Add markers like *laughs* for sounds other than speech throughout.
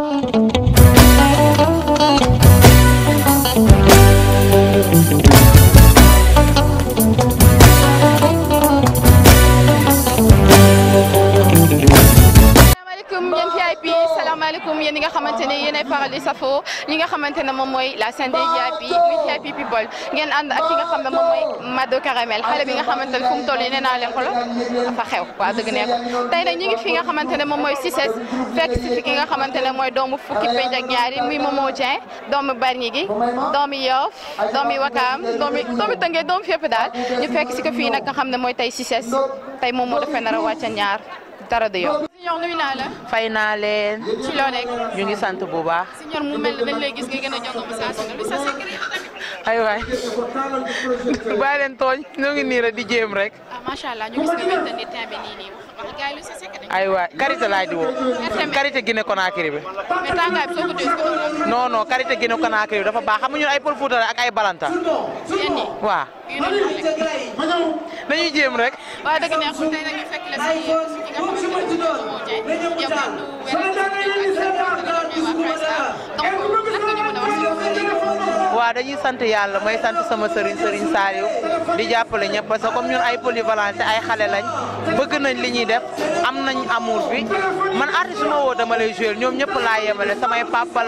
Música ñi nga xamante ne moom mooy la scène des happy with happy people ngeen ànd ak ki nga xam ne moom mooy Mado Caramel xale bi nga xamante ne fu mu naa leen ko a dafa xew waaw dëgg nee nag ñi ngi fi nga xamante ne moom mooy si fi ki nga xamante ne mooy doomu fukki penc ak ñaari muy Momo Dieng doomu Bargny gi doomu Yoff doomu Wakaam doomu doomu Tëngéej doomu fépp daal ñu fekk si ko fii nag nga xam ne mooy tey Cissés tey moom moo dafa nar a wàcca ñaar tara du Signor nuyu naa la. fay naa leen. ci loo ngi sant bu baax. Signor mu mel gis nga gën a jongoma ay waay bàyyi leen tooñ ñoo ngi nii rek di jéem rek. ah macha allah ñu gis nga wér ni teint bi nii nii wax gars yi lu ay waay karité laay di woo. karité Guinée Conakry bi. mais tàngaay bi soo ko déglu. non non karité Guinée dafa baax xam ay Pël Fuuta ak ay Balanta. waa dañuy sant yàlla mooy sant sama sëriñ sëriñ Saliou di jàppale ñëpp parce que comme ñun ay polyvalent te ay xale lañ bëgg nañ li ñuy def am nañu amour bi man artiste ma woo dama lay jouer ñoom ñëpp laa yemale samay papa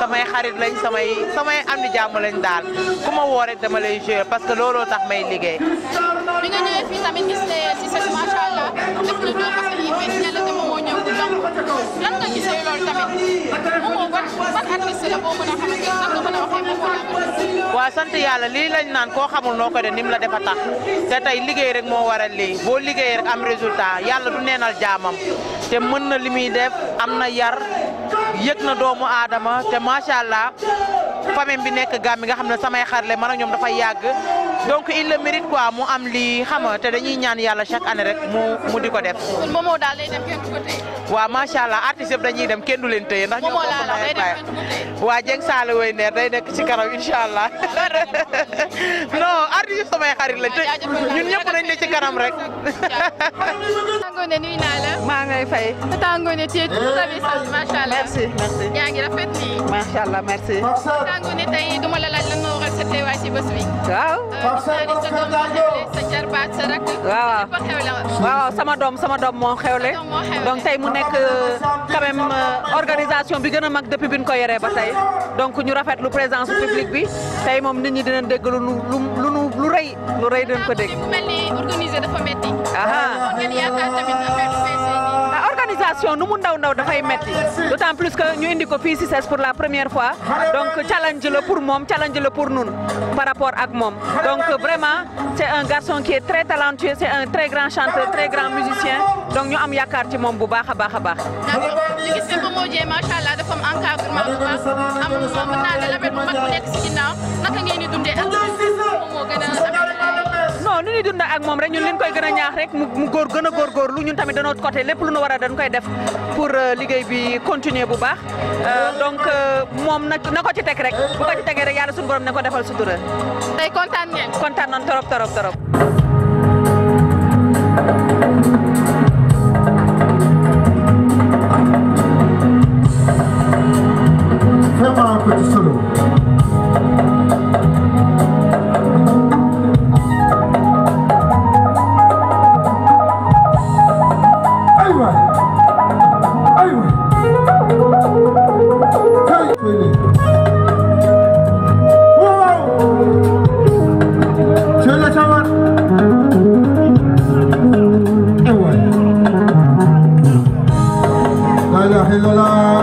samay xarit lañ samay samay am di jàmm lañ daal ku woo rek dama lay jouer parce que looloo tax may liggéey. lan waaw sant yàlla lii lañ naan koo xamul noo ko de nim la defa tax te tey liggéey rek moo waral lii boo liggéey rek am résultat yàlla du neenal jaamam te mën na li muy def am na yar yëg na doomu aadama te macha allah bi nekk gàmm bi nga xam ne samay xarle ma ak ñoom dafay yàgg. donc il le mérite mu am lii xam te dañuy ñaan yàlla chaque année rek mu di ko def. kon Momo daal lay waaw macha allah artistes dañuy dem kenn du leen téye ndax. Momo la ko téye. waa Dieng Saala way neer day nekk ci kanam incha allah *laughs* non la te ñun ñëpp nañ ne ci kanam rek. *laughs* Tangone nuyu naa la. maa ngay fay. Tangone tu es macha allah. merci merci. yaa tey duma la laaj lan moo waral sa ci bés bi. waaw waaw sama doom sama doom moo xewle donc tey mu nekk euh, quand euh, organisation bi gën a mag depuis bi ñu ko yoree ba tey donc ñu rafetlu présence public bi tey moom nit ñi dinañ dégg lu lu lu lu rëy lu rëy dinañ ko dégg. ah situation nu mu ndaw da fay metti d'autant plus que ñu indi ko fii si CES pour la première fois donc challenge le pour mom challenge le pour nous par rapport ak mom donc vraiment c'est un garçon qui est très talentueux c'est un très grand chanteur très grand musicien donc ñu am yakar ci mom bu baax a baax a baax. ko mo djé Momo Dieng macha allah dafa am encadrement bu baax am mën naa ne label bu ma bu nekk si ginnaaw naka ngeen di dundé ak moom moo gën waaw nu ñuy dund ak moom rek ñun leen koy gën a ñaax rek mu góor gën a góorgóorlu ñun tamit de notre lépp lu nu war a koy def pour euh, liggéey bi continuer bu baax euh, donc euh, moom na na ko ci teg rek bu ko ci tegee rek yàlla suñu borom ne ko defal sutura. tey kontaan ngeen. kontaan noonu torop torop torop. vraiment petit solo. Alhamdulillah.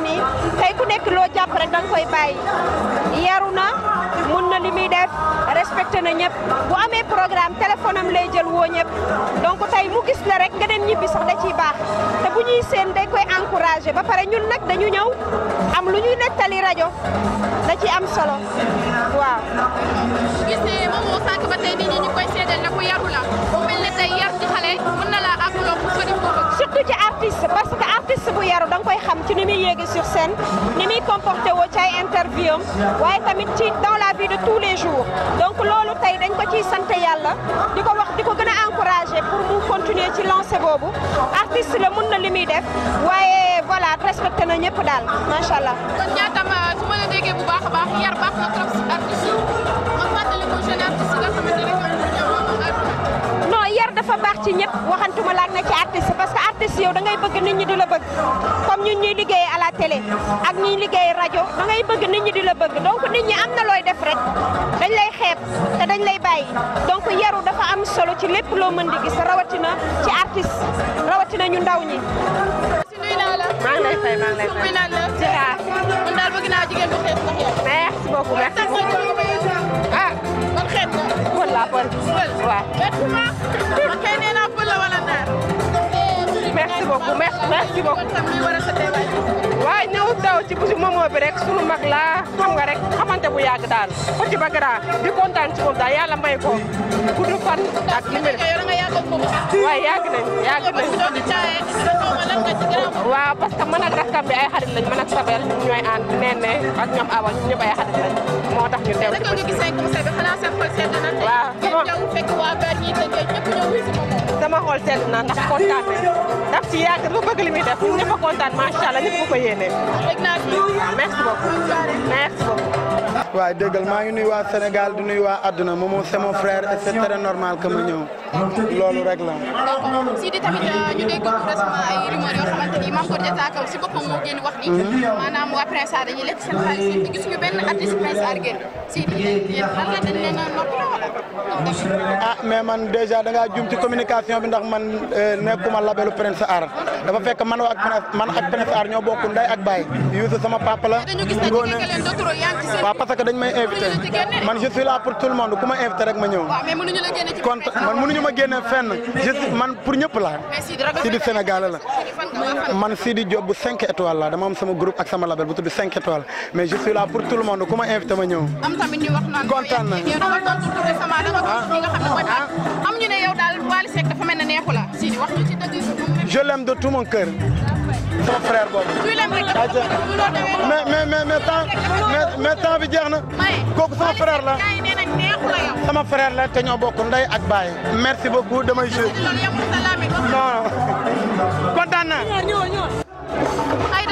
ne nii tey ku nekk loo jàpp rek da koy bàyyi yaru na mun na li muy def respecté na ñëpp bu amee programme téléphone lay jël woo ñëpp donc tey mu gis la rek nga dem ñibbi sax da baax te bu ñuy seen dañ koy encouragé ba pare ñun nag dañu ñëw am lu ñuy nettali rajo da ci am solo waaw. gis ne moom moo sànq ba tey nit ñu koy seedeel ne ku yaru la bu mel ne tey yar ci xale mën na laa àggloo pour que di ko ci artiste parce que artiste bu yar da koy xam ci ni muy yéege sur scène ni muy comporté woo ci ay interview am waaye tamit ci dans la vie de tous les jours donc loolu tey dañ ko ciy sant yàlla di ko wax di ko gën a encouragé pour mu continuer ci lancer boobu artiste la mun na li muy def waaye voilà respecté na ñëpp daal macha allah. kon ñaata su ma la déggee bu baax a baax yar baax na trop si artiste dafa baax ci ñëpp waxantuma laak na ci artiste parce que artiste yow da bëgg nit ñi di la bëgg comme ñun ñuy liggéey à la télé ak ñuy liggéey rajo da bëgg nit ñi di la bëgg donc nit ñi am na looy def rek dañ lay xeeb te dañ lay bàyyi donc yaru dafa am solo ci lépp loo mën di gis rawatina ci artiste rawatina ñu ndaw ñi. maa beaucoup merci beaucoup. waaye ñëw taw ci bisu moomoo bi rek sunu mag laa xam nga rek xamante bu yàgg daal ko ci ba grand di kontaan ci moom daal yàlla may ko gudd fan ak li mel. waaye yàgg nañ yàgg nañ. waaw parce que man ak rakkam bi ay xarit lañ man ak Sabel ñooy ànd nenne ak ñoom Awa ñëpp ay xarit lañ moo tax ñu teew ci. waaw. sama xol sedd na ndax kontaan nañu daf ci yàgg dafa bëgg li muy def ñun ñëpp a kontaan macha allah ñëpp ko yéene. merci beaucoup Wah, dëggal maa ngi nuyu waa Sénégal di nuyu waa àdduna moom moom c'est mon frère et c'est très normal que ma ñëw loolu rek la. si di tamit euh, ñu dégg récemment ay rumeurs yoo xamante ni Mame Gor Diazaka si boppam moo génn wax ni. maanaam waa Prince Art dañuy lekk seen xaalis yi gisuñu benn artiste Prince Art si di yéen la dañ leen a la wala. ah mais man déjà da ngaa jum ci communication bi ndax man euh, labelu Prince dafa fekk man man ak Prince ñoo nday ak sama papa la. que dañ may invité man je suis là pour tout le monde ku ma invité rek ma ñëw. kon man mënuñu ma génne fenn man pour ñëpp la Sidy Sénégal la. man sidi job bu 5 étoiles la dama am sama groupe ak sama label bu tudd 5 étoiles mais je suis là pour tout le monde ku ma invité ma ñew am tamit ñu wax naan dama ko ah ah am ñu né yow dal wal sék dafa melni ne neexu la sidi wax ñu ci dëgg je l'aime de tout mon cœur. Ton frère boobu. mais mais mais mais tant, mais tant, bi jeex na. kooku sama frère la. sama frère là, te ñoo bokk ndey ak merci beaucoup damay joué. non kontaan naa.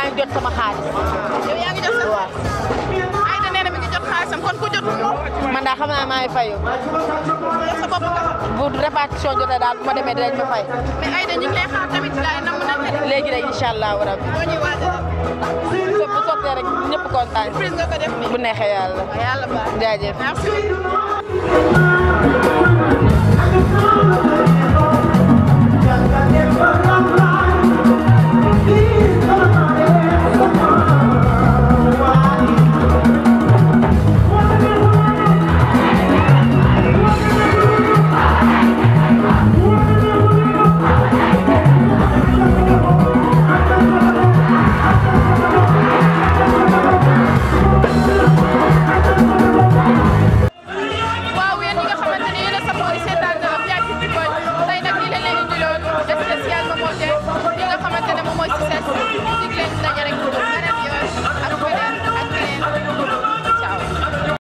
maa ngi jot sama xaalis. jot sama waaw. kon ku jot moom. man daa xam naa maa ngi bu répartition jotee daal bu demee dinañ ma fay. mais Aïda ñu ngi lay tamit laay nam na ne. léegi rek incha rabbi. bu sottee rek ñëpp kontaan. surprise nga bu neexee yàlla. waaw yàlla